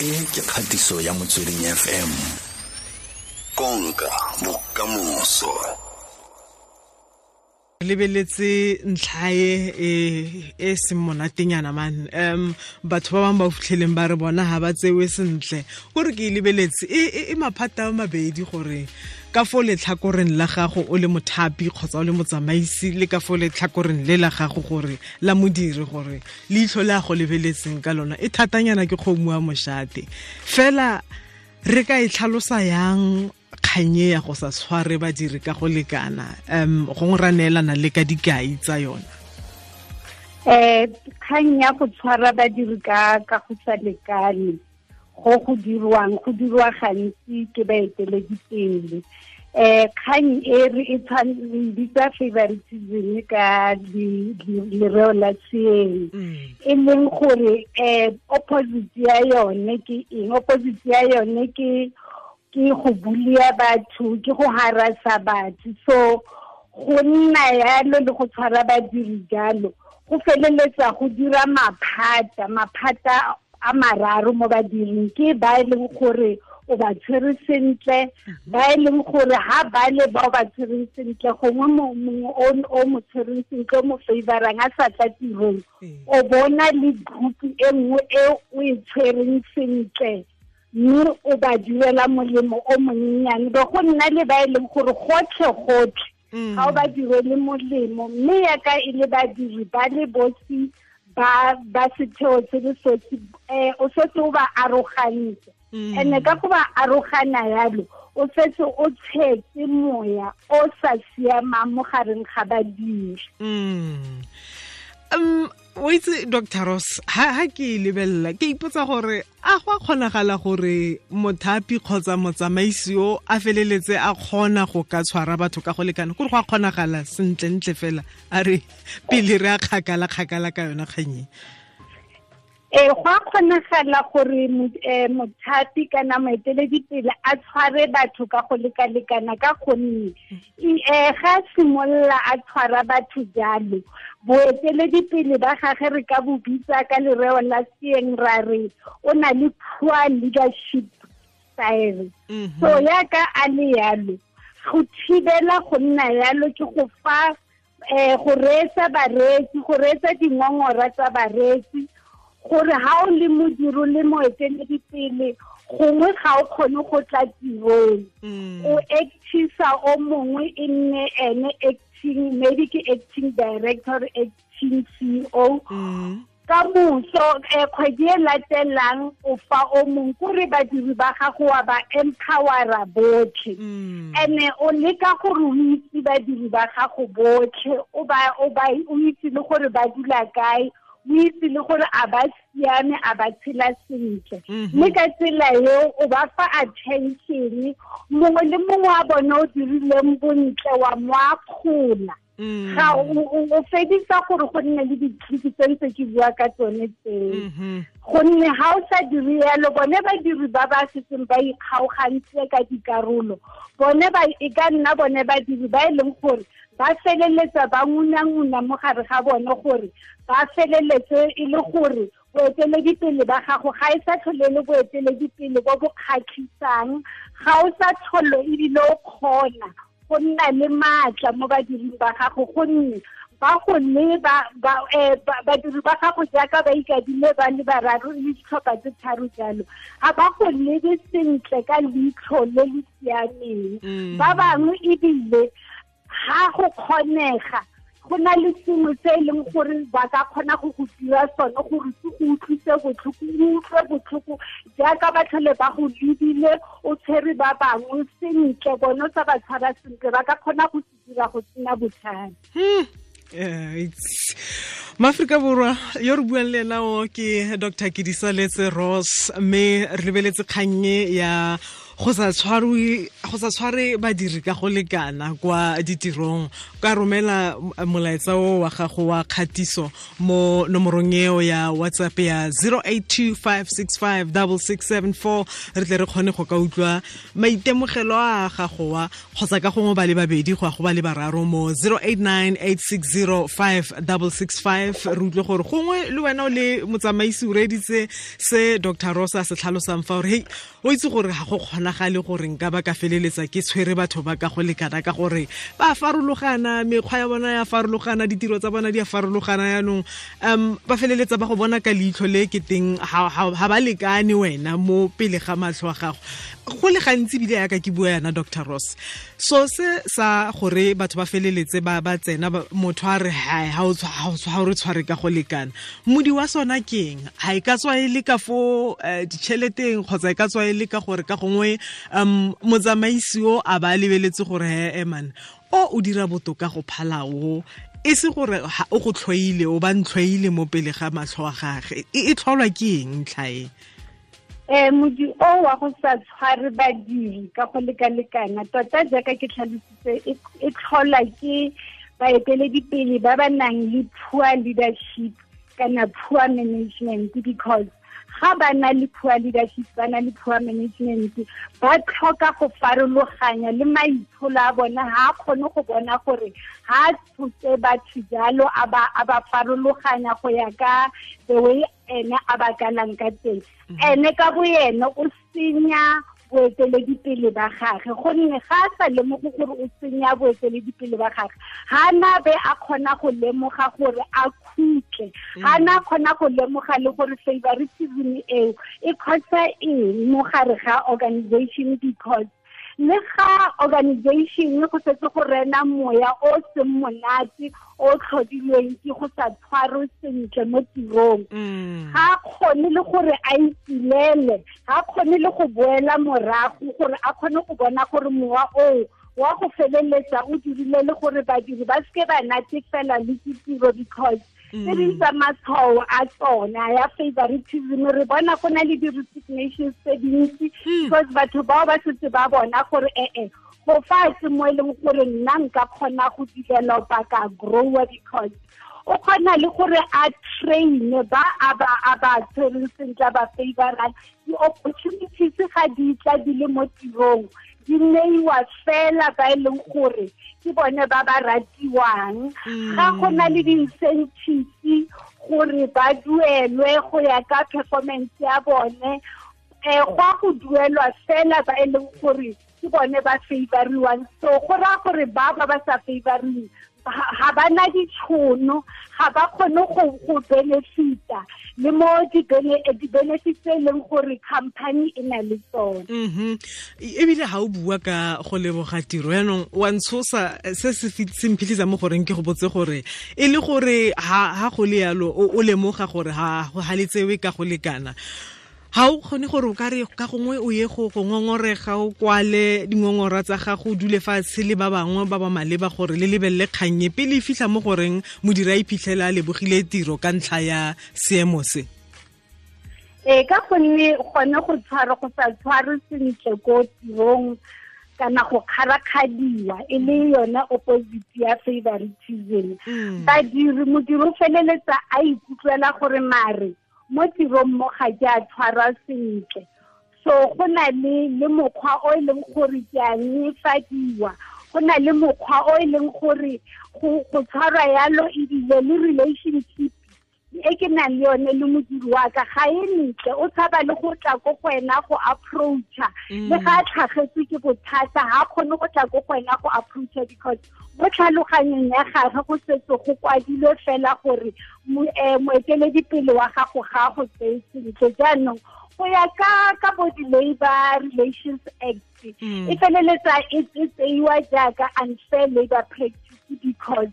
e ke kgatiso ya motsweding fm konka bokamoso lebeletse ntlhae e e seng monatenyana mane um batho ba bangwe ba fitlheleng ba re bona ga ba tsewe sentle gore ke e lebeletse e maphata a mabedi gore ka fo letlhakoreng la gago o le mothapi kgotsa o le motsamaisi le ka fo letlhakoreng le la gago gore la modiri gore leitlho le a go lebeletseng ka lona e thatanyana ke kgomo ya mošate fela re ka e tlhalosa yang kganye ya go sa tshware badiri ka go lekana um gongwe ra neelana le ka dikai tsa yona um kgang ya go tshwara badiri ka go sa lekane go go dirwang go dirwa gantsi ke baeteledipele um kgang e, e re e bitsa favoritism ka lereo la seeng mm. e leng gore um opposite ya yone ke eng opposite ya yone ke ke go bulia batho ke go harasa batho so go nna yalo le go tshwara badiri jalo go feleletsa go dira maphata maphata a mararo mo badiring ke ba e leng gore o ba tshwere sentle ba e leng gore ha ba le ba o ba tshwereng sentle gongwe mongwe o mo tshwereng sentle o mo favorang a sa tla tirong o bona le group e nngwe e o e tshwereng sentle mme o ba duela molemo o monnyane be go nna le ba e leng gore gotlhe-gotlhe mm. ga o ba direle molemo mme yaka e le badiri ba le bosi ba ba setheo tse le sosi um eh, o setse o ba arogantse and-e mm. ka go ba arogana yalo o setse o tshetse moya o sa siamang mo gareng ga badiri mm. um o itse dr ross ha, ha ke e lebelela ke ipotsa gore a go a kgonagala gore mothapi kgotsa motsamaisi o a feleletse a kgona go ka tshwara batho ka go lekana gore go a kgonagala sentlentle fela a re pele re a kgakala kgakala ka yona kganye e go a kgonagala gore eh, mothapi kana moeteledipele a tshware batho ka go lekalekana ka gonne um e, eh, ga simolola a tshwara batho jalo boeteledipele ba gage re ka bobitsa ka lereo la seeng ra re o na le poor leadership style mm-hmm. so yaka a le yalo go thibela go nna yalo ke go fa um go reetsa bareetsi go reetsa dingongora tsa bareetsi gore ha o le modiro le moeteledipele gongwe ga o kgone go tla tirong mm. o actisa o mongwe e nne ene acting maybe ke acting director acting ceo mm. ka moso um kgwedi e latelang o fa o mongwe kore badiri ba gago wa ba empowera botlhe and-e mm. o leka gore o itse badiri ba gago botlhe o itse le gore ba dula kae o itse le gore a ba siame a ba tshela sentle mhm. mme ka tsela eo o ba fa attention mongwe le mongwe wa bone o dirileng bontle wa mo akgola mhm. ga o fedisa gore go nne le ditlhiki tse ntse ke bua ka tsone tseo mhm. gonne ga o sa dirielo bone badiri ba ba setseng ba ikgaogantse ka dikarolo bone e ka nna bone badiri ba e leng gore ba feleletsa ba nguna-nguna mo gare ga bone gore ba feleletse e le gore boeteledipele ba gago ga e sa tlhole le boeteledipele bo bo kgatlhisang ga o sa tlholo ebile o kgona go nna le maatla mo badiring ba gago gonne ba go ne e, badiri ba gago jaaka ba ikadile ba le bararo le ditlhopha tse tharo jalo ga ba go lebe sentle ka leitlho le le siameng mm. ba bangwe ebile ha go kgonega go na le sengwe tse e leng gore ba ka kgona go go dira sone gore se go utlwise botlhoko o utlwe botlhoko jaaka ba tlhole ba go lebile o tshwere ba bangwe sentle bone o tsa ba tshwara sentle ba ka kgona go se dira go tsena botlhale hmm. eh, maaforika borwa yo re buang le ena o ke dr kedisaletse ross mme re lebeletse kgannye ya go sa tshware badiri ka go lekana kwa ditirong ka romela molaetsa o wa gago wa kgatiso mo nomorong eo ya whatsapp ya 0825656674 re tle re kgone go ka utlwa maitemogelo a gago wa kgotsa ka gongwe ba le babedi go ya go ba le bararo mo 0898605665 re utlwe gore gongwe le wena o le motsamaisi o reditse se dr rosa se tlhalosang fa gore hei o itse gore ga go kgona bonagale gore nka ba ka feleletsa ke tshwere batho ba ka go lekana ka gore ba farologana mekgwa ya bona ya farologana ditiro tsa bona di a farologana yaanong um ba feleletsa ba go bona ka leitlho le ke teng ga ba lekane wena mo pele ga matlho a gago go le gantsi bile yaka ke bua yana dr ross so se sa gore batho ba feleletse ba ba tsena motho a re hai ha o re tshware ka go lekana modi wa sona keng ha e ka tswa e le ka fo eh, ditšheleteng kgotsa e ka tswa e le ka gore ka gongwe gore um motsamaisi o a ba lebeletse gore he eman eh, o o dira botoka go phala o e se gore o go tlhoile o ba ntlhoile mo pele ga matlho a gage e tlholwa ke eng ntlhae eh modi o wa go sa tshware badiri ka go lekalekana tota jaaka ke tlhalositse e tlhola ke baeteledipele ba ba nang le poor leadership kana poor management because ga ba na le poor leadership ba na le poor management ba tlhoka go farologanya le maitsholo a bona ha a kgone go bona gore ha tshotse batho jalo a ba farologanya go ya ka the way ene a bakalang ka teng mm-hmm. ene ka bo ene o senya boeteledipele ba gage gonne ga a sa lemoge gore o senya boeteledipele ba gage ga na be a kgona go lemoga gore a khu sentle ga na khona go lemoga le gore favoritism eo e khosa eng mo gare ga organization because le ga organization go setse go rena moya o seng monate o tlhodilweng ke go sa tshwarwe sentle mo tirong ga kgone le gore a itumele ga kgone le go boela morago gore a kgone go bona gore mowa oo wa go feleletsa o dirile le gore badiri ba seke ba natefela le ke tiro because tse ding mm. tsa matshwao a tsona ya favoritism re bona go na le di-rotic tse dintsi mm. because batho bao ba setse ba bona gore ee go fatshe mo e leng gore nna nka kgona go developa ka grower because o kgona le gore a traine ba a ba tshwereng sentle ba favorang di-opportunities ga di tla di le mo tirong di neiwa fela ba e leng gore ke bone ba ba ratiwang mm. ga go na le di-incentive gore ba duelwe go ya ka performance ya bone um eh, gwa go duelwa fela ba e leng gore ke bone ba favoriwang so go raya gore ba ba ba sa favoriwe ha ba na ditšhono ga ba kgone go benefita le mo di-benefits e leng gore company e na le tsone mm-hmm. ebile ga o bua ka go leboga tiro yaanong wa ntshosa eh, se se mphitlhisa mo goreng ke go botse gore e le gore ha go le yalo o lemoga gore ha le tsewe ka go lekana ha o kgone gore o ka re ka gongwe o ye go go ngongorega o kwale dingongora tsa gago o dule fatshe le ba bangwe ba ba maleba gore le lebelele kgannye pele e fitlha mo goreng modira iphitlhela a lebogile tiro ka ntlha ya seemo se ee ka gonne gone go tshware go sa tshware sentle ko tirong kana go kgarakgadiwa e le yona opposite ya favoritism hmm. badiri modiri o feleletsa a ikutlwela gore mare mm. mo tirong mo ga ke a tshwarwa sentle so go na le le mokgwa o e leng gore ke a nefadiwa go na le mokgwa o e leng gore go tshwarwa yalo ebile le relationship E ke ke nna lyo ne le modiri wa ka ga e ntse o tshabela go tla go kwena go approacha mm. le ga a thagetse ke go thata ha a kgone go tla go kwena go approacha because go tla loganye nna ga re go setse go kwadile fela gore mo ekele eh, dipelo wa ga go ga go setse ditše jaanong ho ya ka ka bo di labor relations act mm. e pele le e, tsa it is a judge and fair labor practice because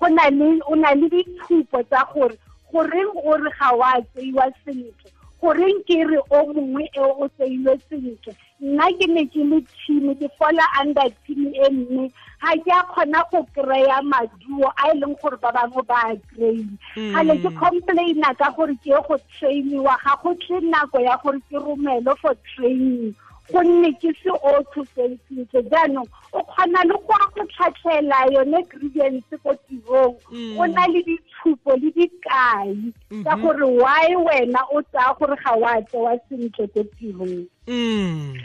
go nale o nale di two botsa go goreng o re ga wa tseiwa sentle goreng ke re o mongwe e o tseilwe sentle nna ke ne ke le team ke fola under team e nne ga ke a kgona go kry-a maduo a e leng gore ba bangwe ba a kry-ile ga hmm. le ke complaina ka gore ke ye go trainiwa ga go tle nako ya gore ke romele for training gonne ke se o thuseng e sentle jaanong o kgona le go a go tlhatlhela yone grievance ko tirong hmm. o na le di ditshupo le dikai mhm. tsa gore why wena o tsaya gore ga wa tse wa sentle ko tirong mm.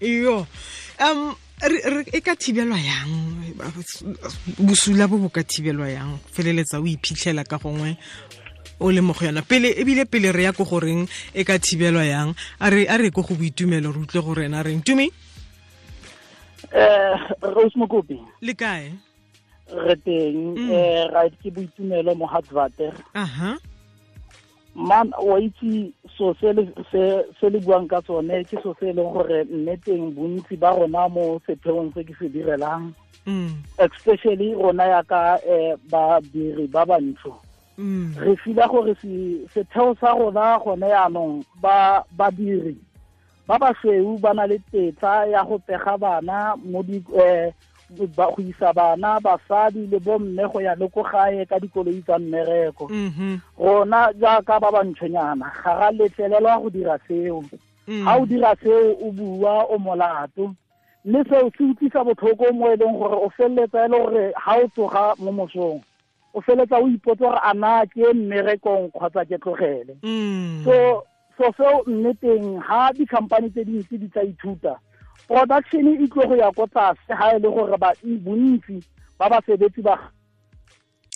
iyo um e ka thibelwa yang bosula bo bo ka thibelwa yang feleletsa o iphitlhela ka gongwe o le mo go yona pele ebile pele re ya ko goreng e ka thibelwa yang a re ko go boitumelo re utlwe gore ena reng tumi um rose le kae re teng mm. eh right ke boitumelo mo Hartwater aha man wa itse so se le se le buang ka tsone ke so se e le gore nne teng bontsi ba rona mo sepheong se ke se direlang mm especially rona ya ka eh, ba biri ba bantsho mm re fila gore se setheo sa rona gone nong ba ba biri ba ba sweu ba na le tetla ya go pega bana mo di eh go isa bana basadi le bo mme go ya le ko gae ka dikoloi tsa mmereko mhm. rona jaaka ba bantshwenyana ga ra letlelelwa go dira seo mhm. ga o dira seo o bua o molato mme seo se utlwisa botlhoko mo e leng gore o feleletsa e le gore ga o tsoga mo mosong o feleletsa o ipotsa gore a na ke mmerekong kgotsa ke tlogele mhm. so so seo nneteng ga di-company tse dintsi di tsa ithuta production e tlo go ya ko tsase ha e le gore ba e bontsi ba basebetsi ba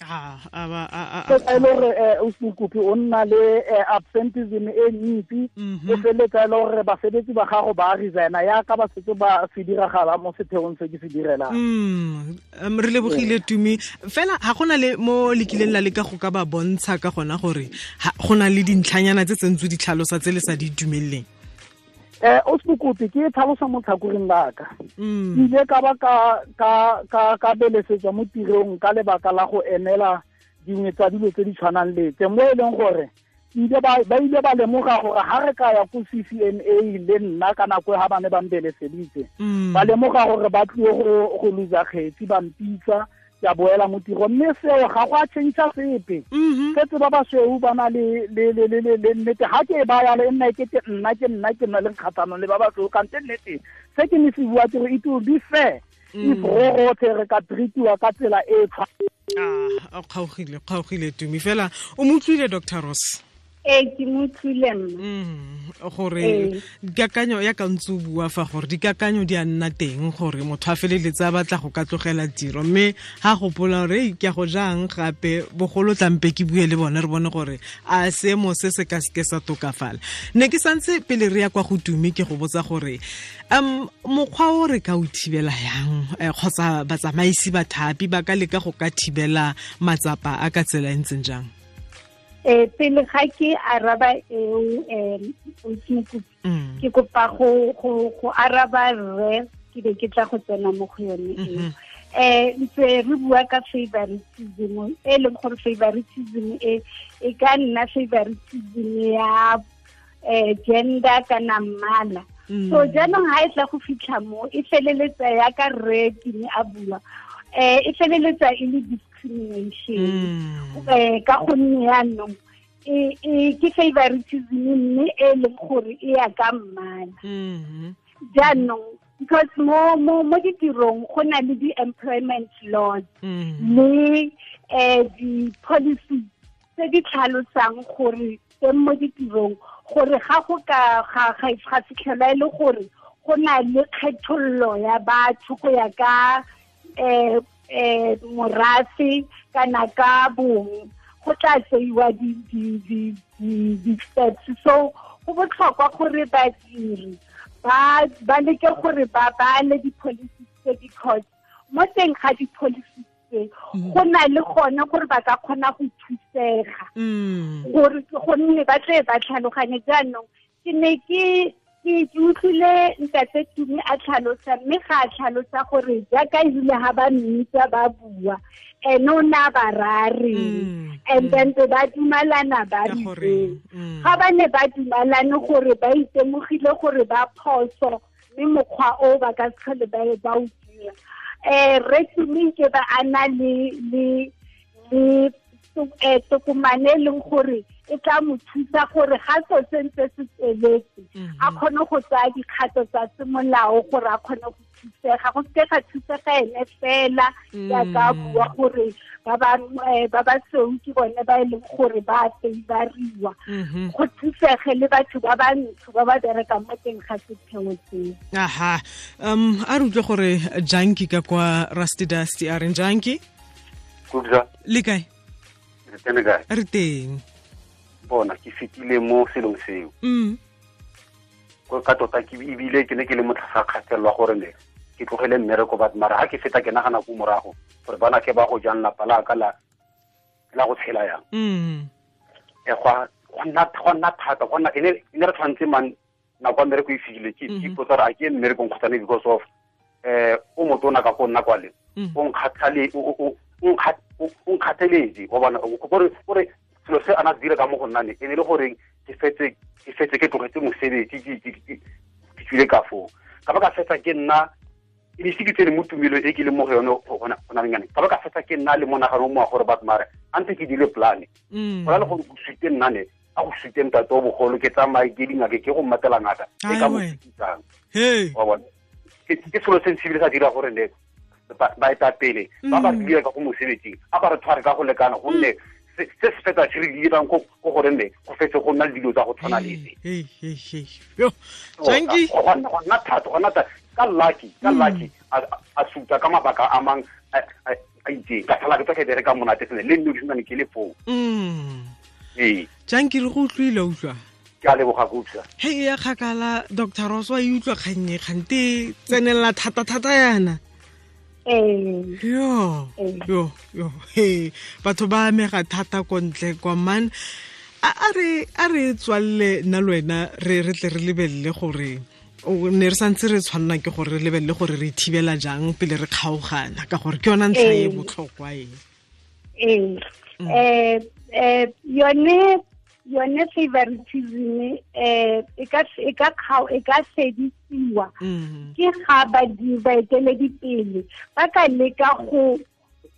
ah, ah, ah, e le gore eh, o sekopi o nna le eh, absentism e ntsi mhm. o feletsa e le gore basebetsi ba gago ba resigna yaka ba setse ba se diragala mo setheong se ke se direlang mm, re lebogile tumi fela ga gona le mo lekileng la le ka go ka ba bontsha ka gona gore go na le dintlhanyana tse sentse di tlhalosa tse le sa di dumeleng eh o sebokotse ke tlhalosa mo tlhakoreng laka mm. ile ka ba ka belesetswa mo tirong ka lebaka la go emela dingwe tsa dilo tse di tshwanang letse mo e leng gore ba ile ba lemoga gore ga re ka ya ko CCMA le nna ka nako ha ba ne ba mbeleseditse mm. ba lemoga gore ba tlile go lusa kgetsi ba mpitsa ya boela mo tiro mme seo ga go a change sepe mhm. setse ba basweu ba na le nnete ga ke e bayalo e nna kete nna ke nna ke nna le kgatlhanong le ba basweu kante nnete se ke ne se bua kere it will be fair mm. if re rotlhe ka treatiwa ka tsela e e tshwa ah, kgaogile kgaogile tumi fela o motlwile utlwile dr ross e ke mo thule mma mm, gore dikakanyo ya ka ntse o bua fa gore dikakanyo di a nna teng gore motho a feleletse a batla go ka tlogela tiro mme ga gopola gore ke a go jang gape bogolo tlampe ke bue le bone re bone gore a seemo se se ka seke sa tokafala ne ke santse pele re ya kwa go tume ke go botsa gore um mokgwa o re ka o thibela yang eh, kgotsa batsamaisi bathapi ba ka leka go ka thibela matsapa a ka tsela e ntseng jang eh pele ga ke araba eo um ke kopa go go araba rre ke be ke tla go tsena mo go yone eo eh ntse re bua ka favoritism e leng gore favoritism e e ka nna favoritism ya eh gender kana mmala mm. so jaanong ga e tla go fitlha mo e feleletsa ya ka rre ke ne a bua eh e feleletsa e le discrimination um mm. ka gonne yaanong e, e, ke favoritism mme e leng gore e ya ka mmala jaanong mm-hmm. because mo mo mo ditirong go na le di-employment laws le mm-hmm. um eh, di-policy tse di tlhalosang gore teng mo ditirong gore ga go ka ga fitlhelwa e le gore go na le kgethollo ya batho go ya ka um eh morafe kana ka bong go tla tseiwa di-steps so go botlhokwa gore badiri ba leke gore ba bale di-policies tse because mo teng ga di-policies tse mm. go na le gone gore ba ka kgona go thusega mm. gonne ba tle ba tlhaloganye jaanong ke ne ke ke ke utlwile ntate tumi a tlhalosa mme ga a tlhalosa gore jaaka ebile ga ba mmitsa ba bua ene o ne a ba raya reng mm, and then mm. be ba dumalana ba reng mm. ga ba ne ba dumalane gore ba itemogile gore ba phoso mme mokgwa o ba ka se tlhole ba e, ba o dira um eh, resume ke ba a na le tokomane eh, e leng gore e tla mo thusa gore ga so sentse se tsweletse a kgone go tsaya dikgato tsa semolao gore a kgone go thusega go seke ga thusega ene fela jaaka bua gore ba ba seng ke bone ba e leng gore ba seibariwa go thusege le batho ba bantsho ba ba berekang mo teng ga setheo tseo aha um a re utlwe gore janki ka kwa rusty dusty a reng janki le kae re teng bona ke fetile mo selong seo ka tota ebile ke ne ke le motlhasa kgatelelwa gore ne ke tlogele mmereko but mara ga ke feta ke nagana ko morago gore bana ke ba go jang lapa la la la go tshela yang e go nna thata go nna ene re tshwanetse man nako ya mmereko e file ke ipotsa gore a ke mmerekong kgotsane because of eh o motho motona ka go nna kwa le o nkgatlhale nkgatheletse o bona gore selo se ana dira ka mo go nnane e ne e le gore ke fetse ke tlogetse mosebetsi ke tswile ka foo ka ba ka fetsa ke nna e ne mo tumelo e ke leng mo go yone gona lenyane ka ba ka fetsa ke nna le monagano o mowa gore batho mare a ntse ke dile plane mm. go na le gore go suite nnane a go suite ntate o bogolo ke tsamaye ke dingake ke go mmatela ngata e ka mo ke selo se ntshebile sa dira gore ne baetapele ba ba dira mm. ka go mosebetsing a ba re tshware ka go lekana gonne mm se se fetsa se re dirang ko gore nne go fetse go nna le dilo tsa go tshwana le tse tota, go nna thata go nna thata ka lucky ka hmm. lucky a suta ka mabaka a mang a itseng ka tlhala ke tsa ke bereka monate sene le nne ke sanane ke le foo hmm. ee jankere go utlwile utlwa ke a leboga kutsa he ya kgakala dr ross wa e utlwa kgannye kgante tsenelela thata-thata yana yo yo eh. yo he batho ba amega thata ko ntle kwa man a re a tswalle nna le wena re re tle re lebelle gore ne re santse re tshwanela ke gore re lebelele gore re thibela jang pele re kgaogana ka gore ke yona ntlha e eh. botlhokwa e um um yone yone favoritism eh e ka e ka e ka sedisiwa mm-hmm. ke ga ba di ba ba ka leka go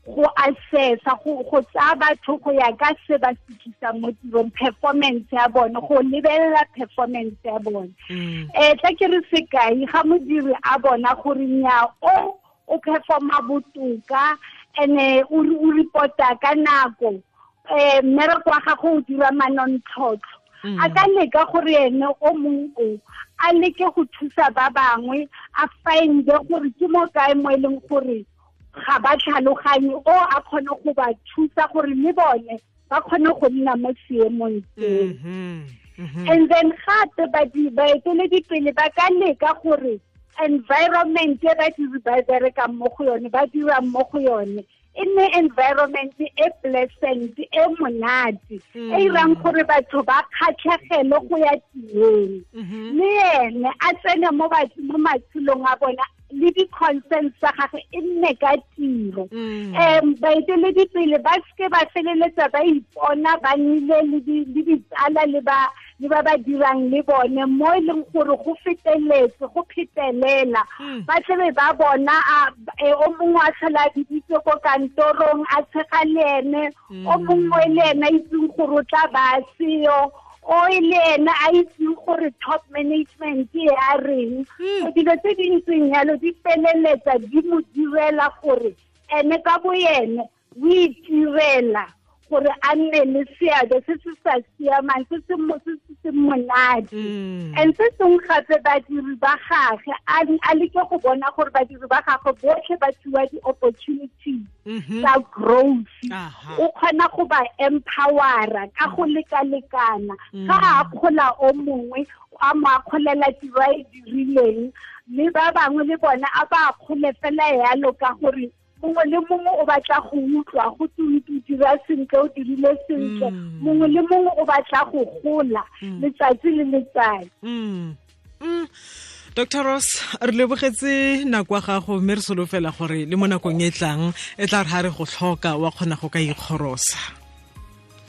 go assessa go go tsa batho go ya ka se ba sikisa mo tirong performance ya bone go lebelela performance ya bone mm. eh tla ke re sekai ga modiri a bona gore nya o o performa botoka ene o reporta ka nako eh mmereko wa gago o dira manontlhotlho mm. a ka leka gore ene o mong a leke go thusa ba bangwe a find-e gore ke mo kae mo e leng gore ga ba tlhaloganye o a kgone go ba thusa gore le bone ba kgone go nna mo seemong seo mm-hmm. Mm-hmm. and then gape baeteledipele ba ka leka gore environment e ba bereka mo go yone ba dira mo go yone ene-environment e pleasant e monate mm. e 'irang gore batho ba kgatlhegele go ya tireng mm-hmm. le ene a tsene mo matshelong a bona le di-consent tsa gage e nne ka tiro mm. um baeteledipele ba seke ba feleletsa ba ipona ba nnile le ditsala le ba le ba ba dirang le bone mo e leng gore go feteletse go phetelela hmm. ba tlebe ba bona e, o mongwe a tlhola a biditse ko kantorong a tshega le ene o hmm. mongwe le ene a itseng gore o tla ba seo o e le ena a itseng gore top management e a reng hmm. so dilo tse di ntseng yalo di feleletsa di mo direla gore ene ka bo ene o itirela gore a nne le seabe se se sa siamang se se monate mm. and se sengwe gape badiri ba gage a leke go bona gore badiri ba gagwe botlhe ba fiwa di-opportunities mm-hmm. tsa growth o kgona go ba empowera ka go lekalekana mm. ga a kgola o mongwe a mo a kgolela tiro e dirileng le ba bangwe le bona a ba kgole fela yalo ka gore mongwe le mongwe o batla go utlwa go twe di dira sentle o dirile sentle mm. mongwe le mongwe o batla go gola mm. letsatsi le letsatsi mm. dr ross re lebogetse nako ya gago mme re solofela gore le mo nakong e tlang e tla re ga re go tlhoka wa kgona go ka ikgorosa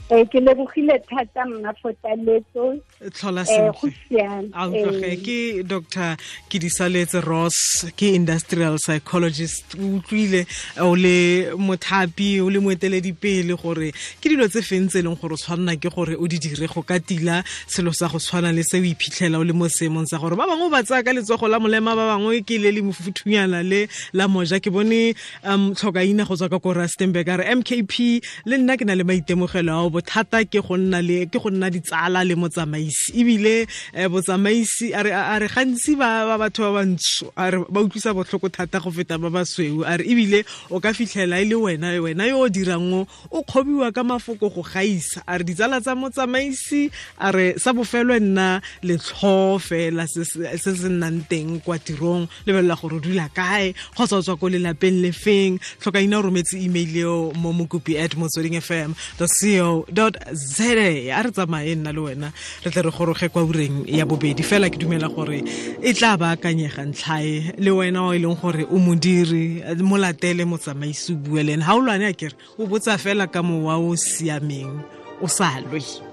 e ke lebogile thata nna fotaletso eh, tlhola sentle eh, ke dr kidisaletse ross ke industrial psychologist o utlwile o le mothapi o le moeteledipele gore ke dilo tse fentse e leng gore o tshwanela ke gore o di dire go ka tila selo sa go tshwana le se o iphitlhela o le mo seemong sa gore ba bangwe ba tsaya ka letsogo la molema ba bangwe ke le le mofuthunyana le la moja ke bone um tlhokaina go tswa ka ko rustenburg a re mkp le nna ke na le maitemogelo ao bothata ke go nna le ke go nna ditsala le motsamaisi ebile eh, botsamaisi a re gantsi ba batho ba bantsho a re ba utlwisa botlhoko thata go feta ba basweu a re ebile o ka fitlhela e le wena wena yo o dirang o kgobiwa ka mafoko go gaisa a re ditsala tsa motsamaisi a re sa bofelwe nna letlho fela se se nnang teng kwa tirong lebelela gore o dula kae kgotsa o tswa ko lelapeng le feng tlhokaina o rometse email eo mo mokopi at motsweding fm co dot zda a re tsamaye nna le wena re tle re goroge kwa ureng ya bobedi fela ke dumela gore e tla baakanyega ntlhae le wena o e leng gore o modiri molatele motsamaisi o bua le ga o lwane a kere o botsa fela ka mowa o siameng o sa lwe